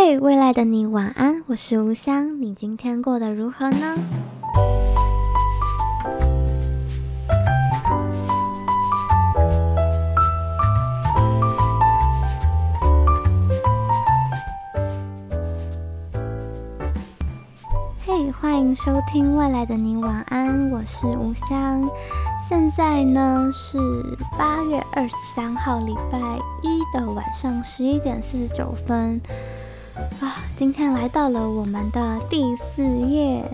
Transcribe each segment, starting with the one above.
嘿、hey,，未來的你晚安，我是吳湘。你今天過得如何呢？嘿、hey,，歡迎收聽《未來的你晚安》，我是吳湘。現在呢是八月二十三號禮拜一的晚上十一點四十九分。啊，今天來到了我們的第四夜。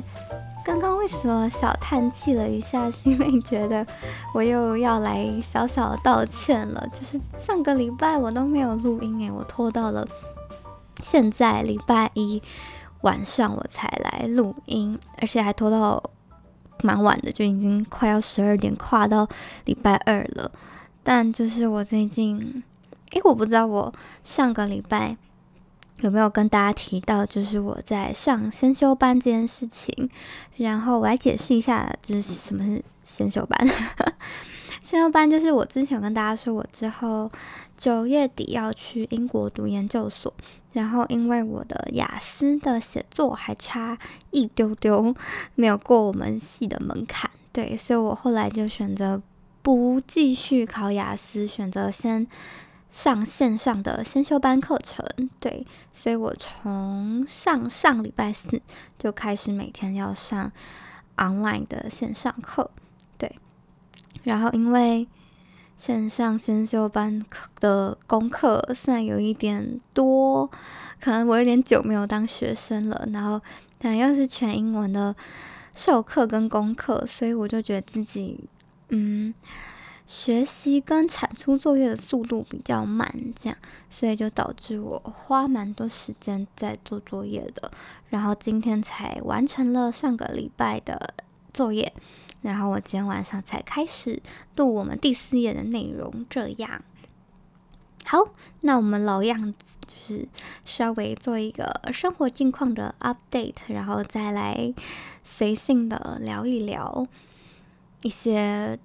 剛剛為什麼小嘆氣了一下？是因為覺得我又要來小小道歉了。就是上個禮拜我都沒有錄音哎，我拖到了現在禮拜一晚上我才來錄音，而且還拖到蠻晚的，就已經快要十二點，跨到禮拜二了。但就是我最近，哎，我不知道我上個禮拜，有沒有跟大家提到，就是我在上先修班這件事情？然後我來解釋一下，就是什麼是先修班。 先修班就是我之前有跟大家說，我之後九月底要去英國讀研究所，然後因為我的雅思的寫作還差一丟丟，沒有過我們系的門檻，對，所以我後來就選擇不繼續考雅思，選擇先。上線上的先修班課程，對，所以我從上上禮拜四就開始每天要上 online 的線上課，對。然後因為線上先修班課的功課現在有一點多，可能我有點久沒有當學生了，然後，但又是全英文的授課跟功課，所以我就覺得自己，嗯。學習跟產出作業的速度比較慢，這樣，所以就導致我花蠻多時間在做作業的。然後今天才完成了上個禮拜的作業，然後我今天晚上才開始錄我們第四夜的內容。這樣，好，那我們老樣子，就是稍微做一個生活近況的 update，然後再來隨性的聊一聊一些。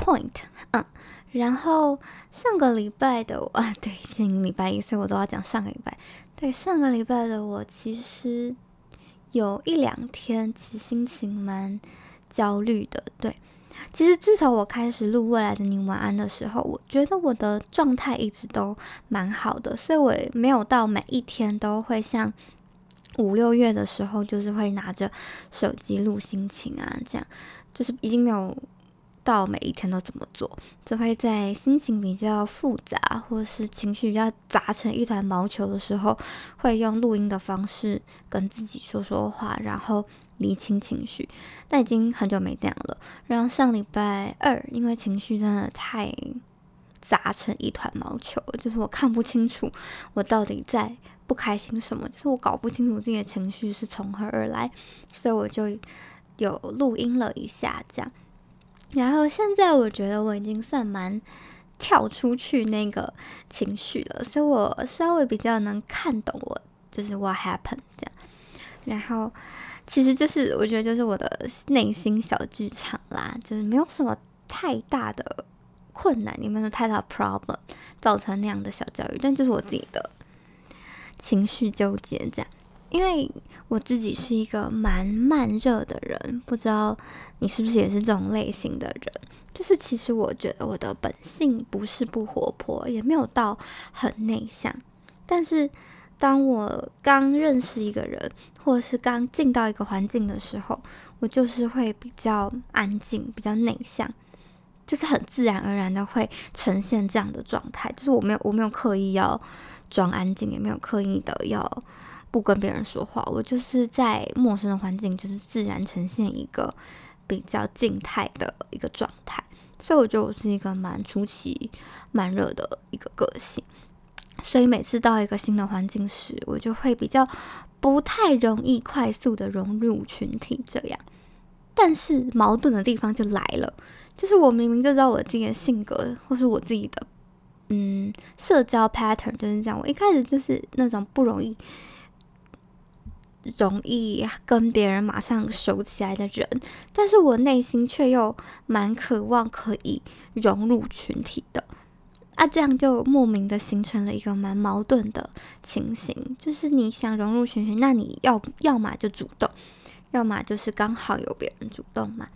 point，嗯，然後上個禮拜的我，對，今天禮拜一，所以我都要講上個禮拜。對，上個禮拜的我其實有一兩天，其實心情蠻焦慮的。對，其實自從我開始錄《未來的你》晚安的時候，我覺得我的狀態一直都蠻好的，所以我沒有到每一天都會像五六月的時候，就是會拿着手機錄心情啊，這樣就是已經沒有。到每一天都怎麼做，就會在心情比較複雜，或是情緒比較雜成一團毛球的時候，會用錄音的方式跟自己說說話，然後理清情緒。但已經很久沒這樣了。然後上禮拜二，因為情緒真的太雜成一團毛球，就是我看不清楚我到底在不開心什麼，就是我搞不清楚自己的情緒是從何而來，所以我就有錄音了一下，這樣。然後現在我覺得我已經算蠻跳出去那個情緒了，所以我稍微比較能看懂我就是 what happened 這樣。然後其實就是我覺得就是我的內心小劇場啦，就是沒有什麼太大的困難，也沒有太大的 problem 造成那樣的小焦慮，但就是我自己的情緒糾結這樣。因為我自己是一個蠻慢熱的人，不知道你是不是也是這種類型的人？就是其實我覺得我的本性不是不活潑，也沒有到很內向。但是當我剛認識一個人，或者是剛進到一個環境的時候，我就是會比較安靜，比較內向，就是很自然而然的會呈現這樣的狀態。就是我沒有我沒有刻意要裝安靜，也沒有刻意的要。不跟別人說話，我就是在陌生的環境，就是自然呈現一個比較靜態的一個狀態。所以我覺得我是一個慢熟、慢熱的一個個性。所以每次到一個新的環境時，我就會比較不太容易快速的融入群體。這樣，但是矛盾的地方就來了，就是我明明就知道我自己的性格或是我自己的嗯社交 pattern 就是這樣。我一開始就是那種不容易。容易跟別人馬上熟起來的人，但是我內心卻又蠻渴望可以融入群體的，啊，這樣就莫名的形成了一個蠻矛盾的情形，就是你想融入群體,那你要要麼就主動，要麼就是剛好有別人主動嘛，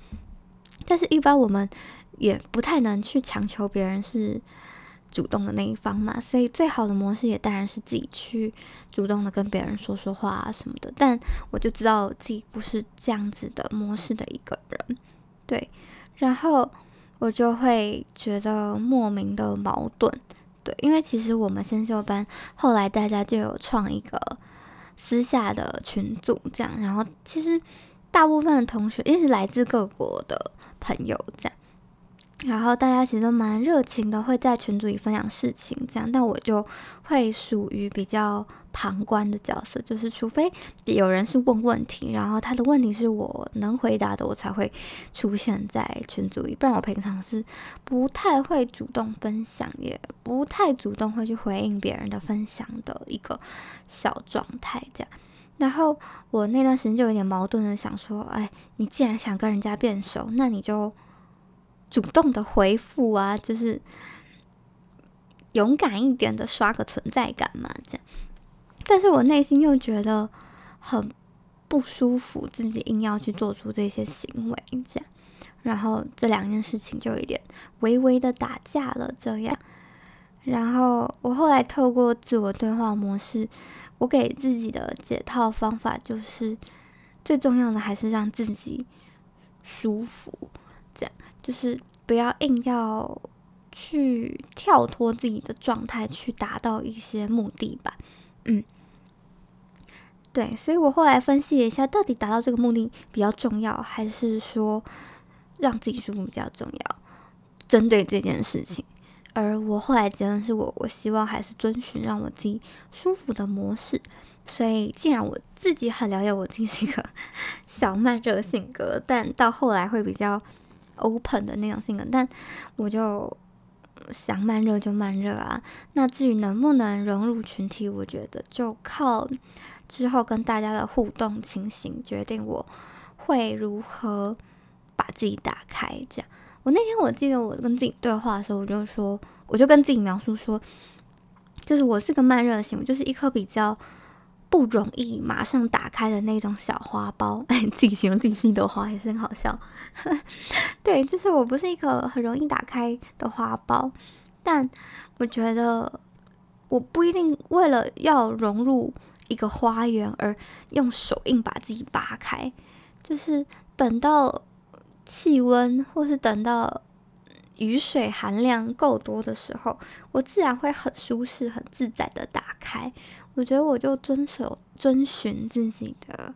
但是一般我們也不太能去強求別人是主動的那一方嘛，所以最好的模式也當然是自己去主動的跟別人說說話、啊、什麼的。但我就知道自己不是這樣子的模式的一個人，對。然後我就會覺得莫名的矛盾，對。因為其實我們先修班後來大家就有創一個私下的群組，這樣。然後其實大部分的同學因為是來自各國的朋友，這樣。然後大家其實都蠻熱情的，會在群組裡分享事情，這樣。但我就會屬於比較旁觀的角色，就是除非有人是問問題，然後他的問題是我能回答的，我才會出現在群組裡。不然我平常是不太會主動分享，也不太主動會去回應別人的分享的一個小狀態這樣。然後我那段時間就有點矛盾的想說，哎，你既然想跟人家變熟，那你就。主動的回復啊，就是勇敢一點的刷個存在感嘛，這樣。但是我內心又覺得很不舒服，自己硬要去做出這些行為，這樣。然後這兩件事情就有點微微的打架了，這樣。然後我後來透過自我對話模式，我給自己的解套方法就是，最重要的還是讓自己舒服。這樣就是不要硬要去跳脫自己的狀態去達到一些目的吧，嗯，對，所以我後來分析一下，到底達到這個目的比較重要，還是說讓自己舒服比較重要？針對這件事情，而我後來結論是我，我希望還是遵循讓我自己舒服的模式。所以，既然我自己很了解，我自己是一個小慢熱性格，但到後來會比較。open 的那種性格，但我就想慢熱就慢熱啊。那至於能不能融入群體，我覺得就靠之後跟大家的互動情形決定。我會如何把自己打開？這樣，我那天我記得我跟自己對話的時候，我就說，我就跟自己描述說，就是我是個慢熱型，我就是一顆比較。不容易馬上打開的那種小花苞， 自己形容自己是一朵花也是很好笑。 對，就是我不是一個很容易打開的花苞，但我覺得我不一定為了要融入一個花園而用手硬把自己拔開，就是等到氣溫或是等到雨水含量夠多的時候，我自然會很舒適、很自在的打開。我覺得我就遵守、遵循自己的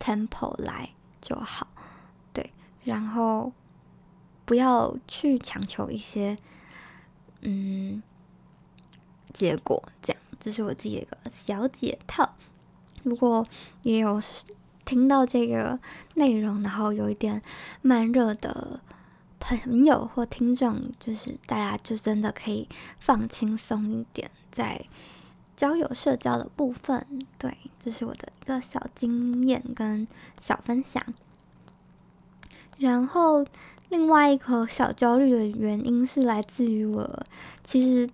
tempo 來就好，對，然後不要去強求一些，嗯，結果這樣，這是我自己的一個小解套。如果也有聽到這個內容，然後有一點慢熱的朋友或聽眾，就是大家就真的可以放輕鬆一點，在。交友社交的部分，對，這是我的一個小經驗跟小分享。然後，另外一個小焦慮的原因是來自於我，其實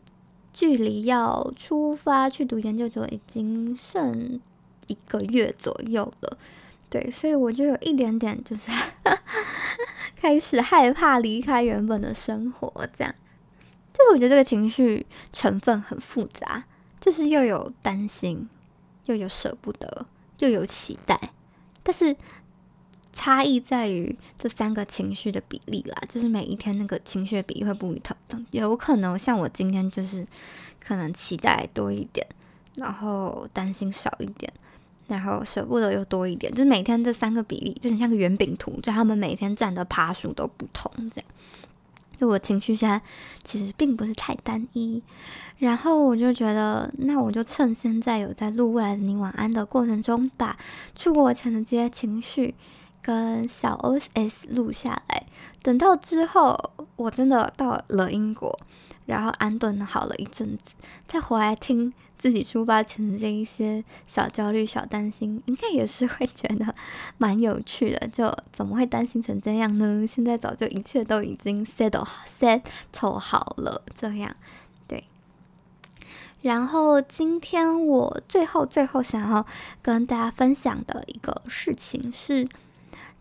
距離要出發去讀研究所已經剩一個月左右了，對，所以我就有一點點就是 開始害怕離開原本的生活，這樣。就是我覺得這個情緒成分很複雜。就是又有擔心，又有捨不得，又有期待，但是差異在於這三個情緒的比例啦。就是每一天那個情緒的比例會不同，有可能像我今天就是可能期待多一點，然後擔心少一點，然後捨不得又多一點。就是每天這三個比例，就是像個圓餅圖，就他們每天占的趴數都不同。這樣，就我情緒現在其實並不是太單一。然後我就覺得，那我就趁現在有在錄未來的你晚安的過程中，把出國前的這些情緒跟小 O S 錄下來。等到之後我真的到了英國，然後安頓好了，一陣子，再回來聽自己出發前的這一些小焦慮、小擔心，應該也是會覺得蠻有趣的。就怎麼會擔心成這樣呢？現在早就一切都已經 set set 好了，這樣。然後今天我最後最後想要跟大家分享的一個事情是，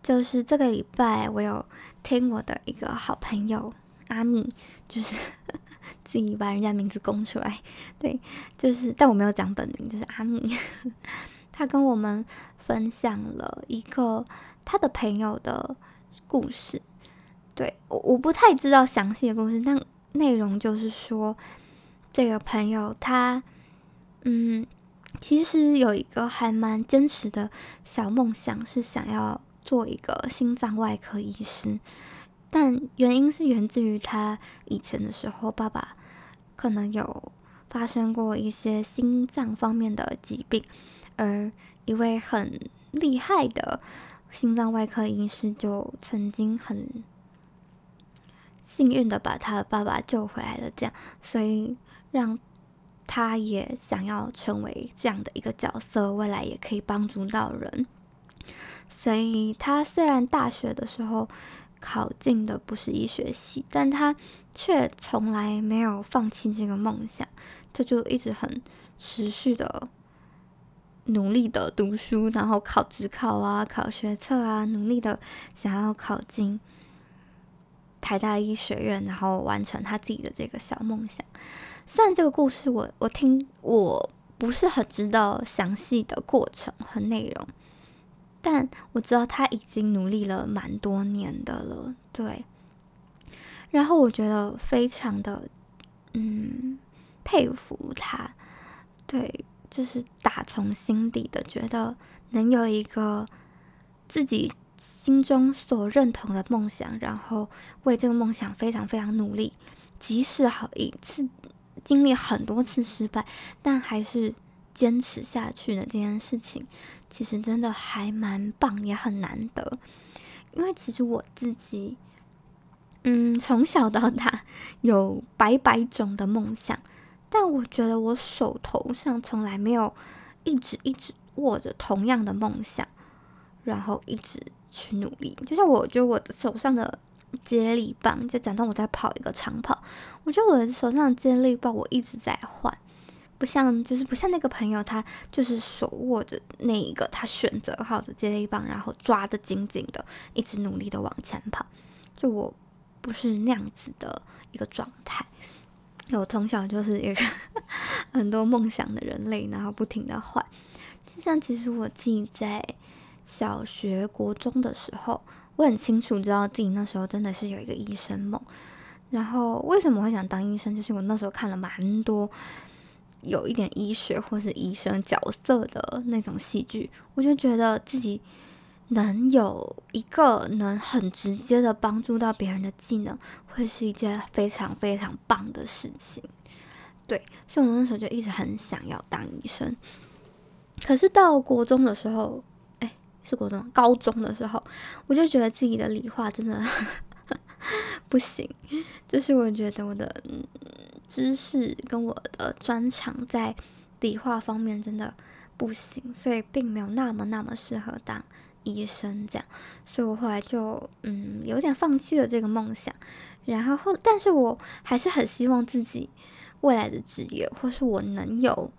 就是這個禮拜我有聽我的一個好朋友阿米，就是自己 把人家名字供出來，對，就是但我沒有講本名，就是阿米， 他跟我們分享了一個他的朋友的故事，對，我我不太知道詳細的故事，但內容就是說。這個朋友他，嗯，其實有一個還蠻堅持的小夢想，是想要做一個心臟外科醫師。但原因是源自於他以前的時候，爸爸可能有發生過一些心臟方面的疾病，而一位很厲害的心臟外科醫師就曾經很幸運的把他爸爸救回來了。這樣，所以。讓他也想要成為這樣的一個角色，未來也可以幫助到人。所以，他雖然大學的時候考進的不是醫學系，但他卻從來沒有放棄這個夢想。他就一直很持續的努力的讀書，然後考指考啊，考學測啊，努力的想要考進台大醫學院，然後完成他自己的這個小夢想。雖然這個故事我我聽，我不是很知道詳細的過程和內容，但我知道他已經努力了蠻多年的了，對。然後我覺得非常的嗯佩服他，對，就是打從心底的覺得能有一個自己心中所認同的夢想，然後為這個夢想非常非常努力，即使好一次。經歷很多次失敗，但還是堅持下去的這件事情，其實真的還蠻棒，也很難得。因為其實我自己，嗯，從小到大有百百種的夢想，但我覺得我手頭上從來沒有一直一直握着同樣的夢想，然後一直去努力。就像我，就我的手上的。接力棒，就假裝我在跑一個長跑。我覺得我的手上的接力棒，我一直在換，不像就是不像那個朋友，他就是手握着那一個，他選擇好的接力棒，然後抓得緊緊的，一直努力的往前跑。就我不是那樣子的一個狀態，我從小就是一個 很多夢想的人類，然後不停的換。就像其實我自己在小學、國中的時候。我很清楚，知道自己那時候真的是有一個醫生夢。然後為什麼會想當醫生？就是我那時候看了蠻多有一點醫學或是醫生角色的那種戲劇，我就覺得自己能有一個能很直接的幫助到別人的技能，會是一件非常非常棒的事情。對，所以我那時候就一直很想要當醫生。可是到國中的時候。是高中高中的時候，我就覺得自己的理化真的 不行，就是我覺得我的知識跟我的專長在理化方面真的不行，所以並沒有那麼那麼適合當醫生這樣，所以我後來就嗯，有點放棄了這個夢想。然後後，但是我還是很希望自己未來的職業，或是我能有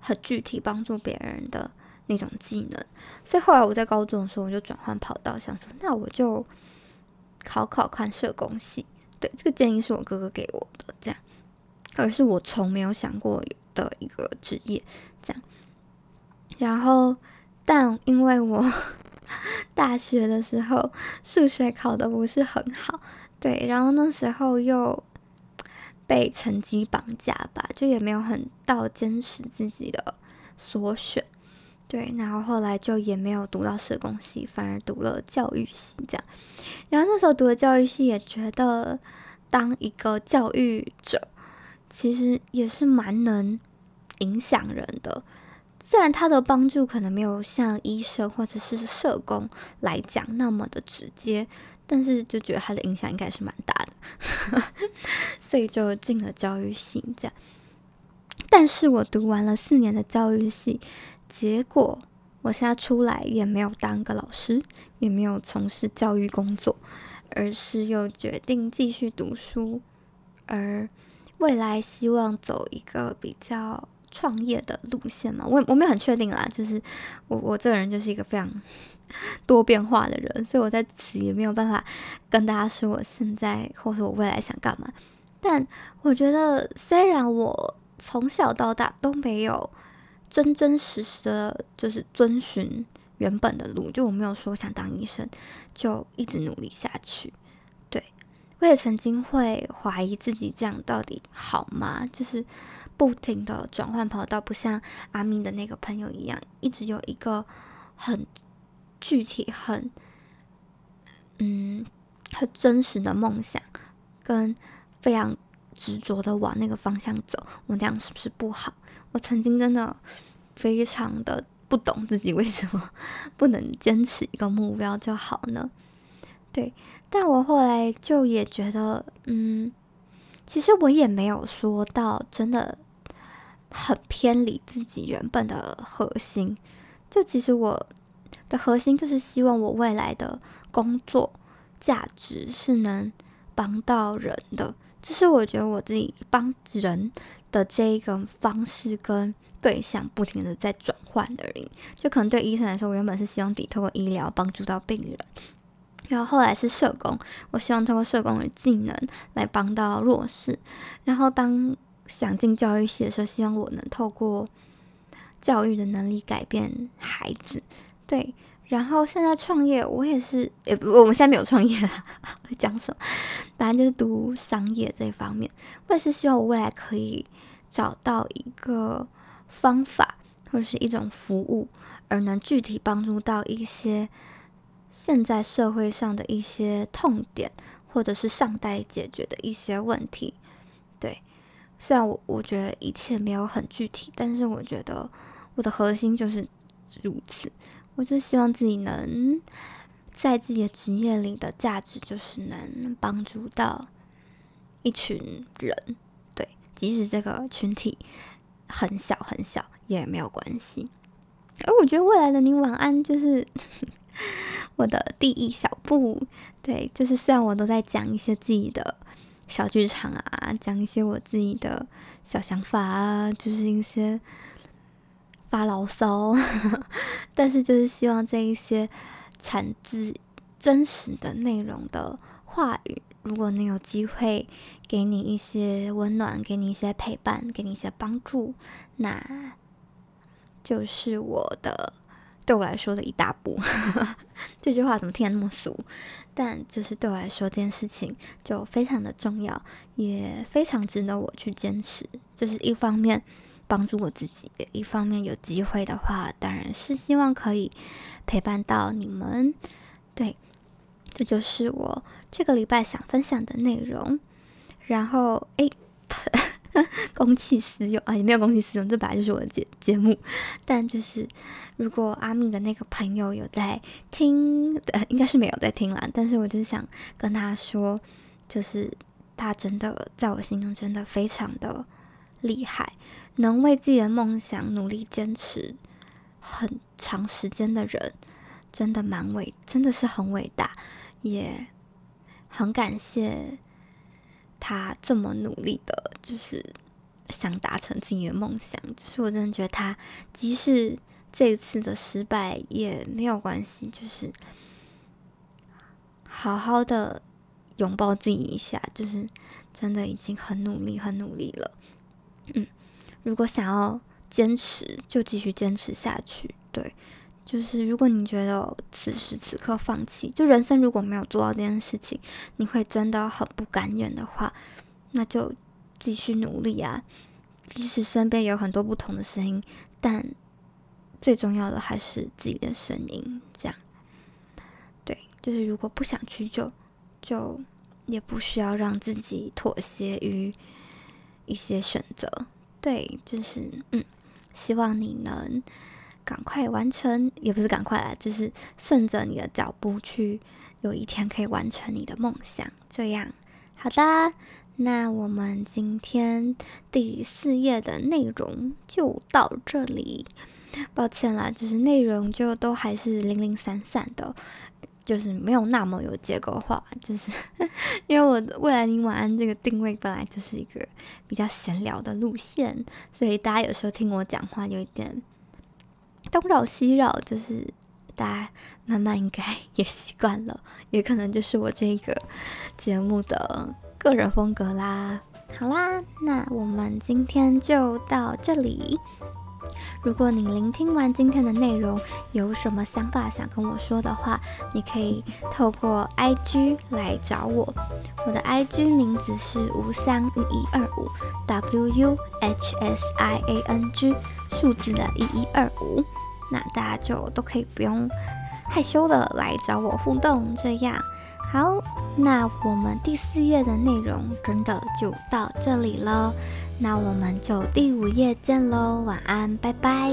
很具體幫助別人的。那種技能，所以後來我在高中的時候，我就轉換跑道，想說那我就考考看社工系。對，這個建議是我哥哥給我的，這樣，而是我從沒有想過的一個職業，這樣。然後，但因為我 大學的時候數學考得不是很好，對，然後那時候又被成績綁架吧，就也沒有很到堅持自己的所選。對，然後後來就也沒有讀到社工系，反而讀了教育系這樣。然後那時候讀了教育系，也覺得當一個教育者，其實也是蠻能影響人的。雖然他的幫助可能沒有像醫生或者是社工來講那麼的直接，但是就覺得他的影響應該是蠻大的， 所以就進了教育系這樣。但是我讀完了四年的教育系。結果我現在出來也沒有當個老師，也沒有從事教育工作，而是又決定繼續讀書，而未來希望走一個比較創業的路線嘛。我我沒有很確定啦，就是我我這個人就是一個非常多變化的人，所以我在此也沒有辦法跟大家說我現在或者說我未來想幹嘛。但我覺得，雖然我從小到大都沒有。真真實實的，就是遵循原本的路，就我沒有說想當醫生，就一直努力下去。對，我也曾經會懷疑自己這樣到底好嗎？就是不停的轉換跑道，不像阿明的那個朋友一樣，一直有一個很具體、很嗯很真實的夢想，跟非常執着的往那個方向走，我那樣是不是不好？我曾經真的非常的不懂自己為什麼不能堅持一個目標就好呢？對，但我後來就也覺得，嗯，其實我也沒有說到真的很偏離自己原本的核心。就其實我的核心就是希望我未來的工作價值是能幫到人的。就是我覺得我自己幫人的這一個方式跟對象不停的在轉換而已，就可能對醫生來說，我原本是希望你透過醫療幫助到病人，然後後來是社工，我希望透過社工的技能來幫到弱勢，然後當想進教育系的時候，希望我能透過教育的能力改變孩子，對。然後現在創業，我也是，也不，我們現在沒有創業了。會講什麼？反正就是讀商業這方面，我也是希望我未來可以找到一個方法或者是一種服務，而能具體幫助到一些現在社會上的一些痛點，或者是尚待解決的一些問題。對，雖然我我覺得一切沒有很具體，但是我覺得我的核心就是如此。我就希望自己能在自己的職業裡的價值，就是能幫助到一群人，對，即使這個群體很小很小也沒有關係。而我覺得未來的你晚安，就是我的第一小步。對，就是雖然我都在講一些自己的小劇場啊，講一些我自己的小想法啊，就是一些。發牢騷呵呵，但是就是希望這一些產自真實的內容的話語，如果能有機會給你一些溫暖，給你一些陪伴，給你一些幫助，那就是我的，對我來說的一大步。呵呵，這句話怎麼聽那麼俗？但就是對我來說，這件事情就非常的重要，也非常值得我去堅持。這、就是一方面，幫助我自己，一方面有機會的話，當然是希望可以陪伴到你們。對，這就是我這個禮拜想分享的內容。然後，哎， 公器私用啊，也沒有公器私用，這本來就是我的節節目。但就是，如果阿米的那個朋友有在聽，應該是沒有在聽啦。但是，我就是想跟他說，就是他真的在我心中真的非常的。厲害，能為自己的夢想努力堅持很長時間的人，真的蠻偉，真的是很偉大，也很感謝他這麼努力的，就是想達成自己的夢想。就是我真的覺得他，即使這一次的失敗也沒有關係，就是好好的擁抱自己一下，就是真的已經很努力，很努力了。嗯，如果想要堅持，就繼續堅持下去。對，就是如果你覺得此時此刻放棄，就人生如果沒有做到這件事情，你會真的很不甘願的話，那就繼續努力啊。即使身邊有很多不同的聲音，但最重要的還是自己的聲音。這樣，對，就是如果不想去就，就就也不需要讓自己妥協於一些選擇，對，就是嗯，希望你能趕快完成，也不是趕快啦，就是順着你的腳步去，有一天可以完成你的夢想。這樣，好的，那我們今天第四夜的內容就到這裡。抱歉啦，就是內容就都還是零零散散的。就是沒有那麼有結構化，就是因為我的未來你晚安這個定位本來就是一個比較閒聊的路線，所以大家有時候聽我講話有一點東繞西繞，就是大家慢慢應該也習慣了，也可能就是我這個節目的個人風格啦。好啦，那我們今天就到這裡。如果你聆聽完今天的內容，有什麼想法想跟我說的話，你可以透過 I G 來找我。我的 I G 名字是吳湘一一二五 W U H S I A N G 數字的一一二五，那大家就都可以不用害羞的來找我互動這樣。好，那我們第四夜的內容真的就到這裡了。那我們就第五夜見嘍，晚安，拜拜。